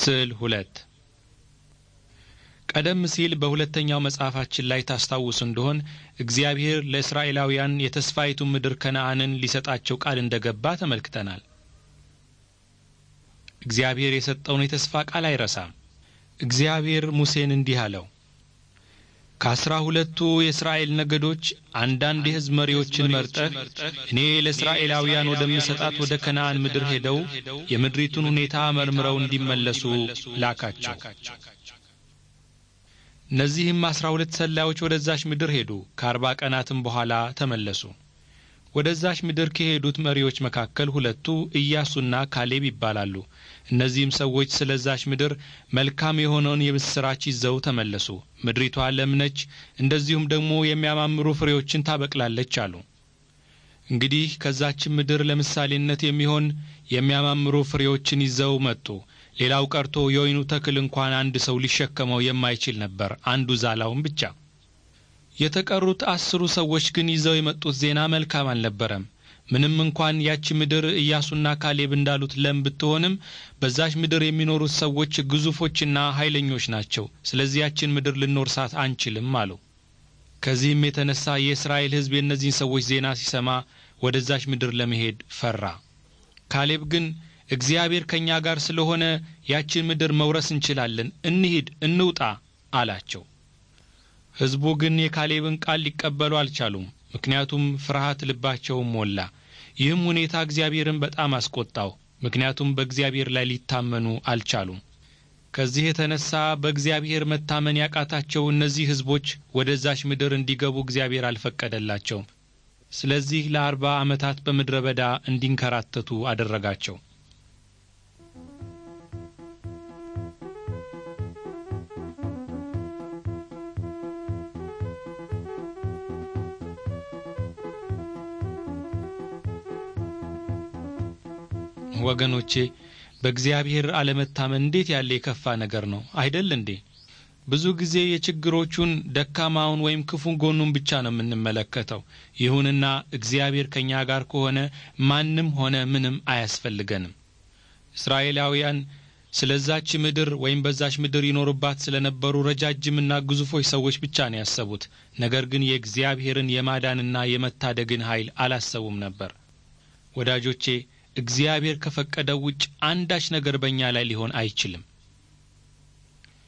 ስዕል ሁለት ቀደም ሲል በሁለተኛው መጽሐፋችን ላይ ታስታውስ እንደሆን እግዚአብሔር ለእስራኤላውያን የተስፋይቱ ምድር ከነአንን ሊሰጣቸው ቃል እንደገባ ተመልክተናል። እግዚአብሔር የሰጠውን የተስፋ ቃል አይረሳም። እግዚአብሔር ሙሴን እንዲህ አለው፣ ከአስራ ሁለቱ የእስራኤል ነገዶች አንዳንድ የሕዝብ መሪዎችን መርጠህ እኔ ለእስራኤላውያን ወደምሰጣት ወደ ከነአን ምድር ሄደው የምድሪቱን ሁኔታ መርምረው እንዲመለሱ ላካቸው። እነዚህም አስራ ሁለት ሰላዮች ወደዛች ምድር ሄዱ። ከአርባ ቀናትም በኋላ ተመለሱ። ወደዛች ምድር ከሄዱት መሪዎች መካከል ሁለቱ ኢያሱና ካሌብ ይባላሉ። እነዚህም ሰዎች ስለዛች ምድር መልካም የሆነውን የምስራች ይዘው ተመለሱ። ምድሪቷ ለም ነች፣ እንደዚሁም ደግሞ የሚያማምሩ ፍሬዎችን ታበቅላለች አሉ። እንግዲህ ከዛች ምድር ለምሳሌነት የሚሆን የሚያማምሩ ፍሬዎችን ይዘው መጡ። ሌላው ቀርቶ የወይኑ ተክል እንኳን አንድ ሰው ሊሸከመው የማይችል ነበር፣ አንዱ ዛላውን ብቻ የተቀሩት አስሩ ሰዎች ግን ይዘው የመጡት ዜና መልካም አልነበረም። ምንም እንኳን ያቺ ምድር ኢያሱና ካሌብ እንዳሉት ለም ብትሆንም በዛች ምድር የሚኖሩት ሰዎች ግዙፎችና ኃይለኞች ናቸው። ስለዚህ ያችን ምድር ልንወርሳት አንችልም አሉ። ከዚህም የተነሳ የእስራኤል ሕዝብ የእነዚህን ሰዎች ዜና ሲሰማ ወደዛች ምድር ለመሄድ ፈራ። ካሌብ ግን እግዚአብሔር ከእኛ ጋር ስለሆነ ያችን ምድር መውረስ እንችላለን፣ እንሂድ፣ እንውጣ አላቸው። ሕዝቡ ግን የካሌብን ቃል ሊቀበሉ አልቻሉም፣ ምክንያቱም ፍርሃት ልባቸውን ሞላ። ይህም ሁኔታ እግዚአብሔርን በጣም አስቆጣው፣ ምክንያቱም በእግዚአብሔር ላይ ሊታመኑ አልቻሉም። ከዚህ የተነሳ በእግዚአብሔር መታመን ያቃታቸው እነዚህ ሕዝቦች ወደዛች ምድር እንዲገቡ እግዚአብሔር አልፈቀደላቸውም። ስለዚህ ለአርባ ዓመታት በምድረ በዳ እንዲንከራተቱ አደረጋቸው። ወገኖቼ በእግዚአብሔር አለመታመን እንዴት ያለ የከፋ ነገር ነው አይደል እንዴ? ብዙ ጊዜ የችግሮቹን ደካማውን ወይም ክፉን ጎኑን ብቻ ነው የምንመለከተው። ይሁንና እግዚአብሔር ከእኛ ጋር ከሆነ ማንም ሆነ ምንም አያስፈልገንም። እስራኤላውያን ስለዛች ምድር ወይም በዛች ምድር ይኖሩባት ስለ ነበሩ ረጃጅምና ግዙፎች ሰዎች ብቻ ነው ያሰቡት። ነገር ግን የእግዚአብሔርን የማዳንና የመታደግን ኃይል አላሰቡም ነበር። ወዳጆቼ እግዚአብሔር ከፈቀደው ውጭ አንዳች ነገር በእኛ ላይ ሊሆን አይችልም።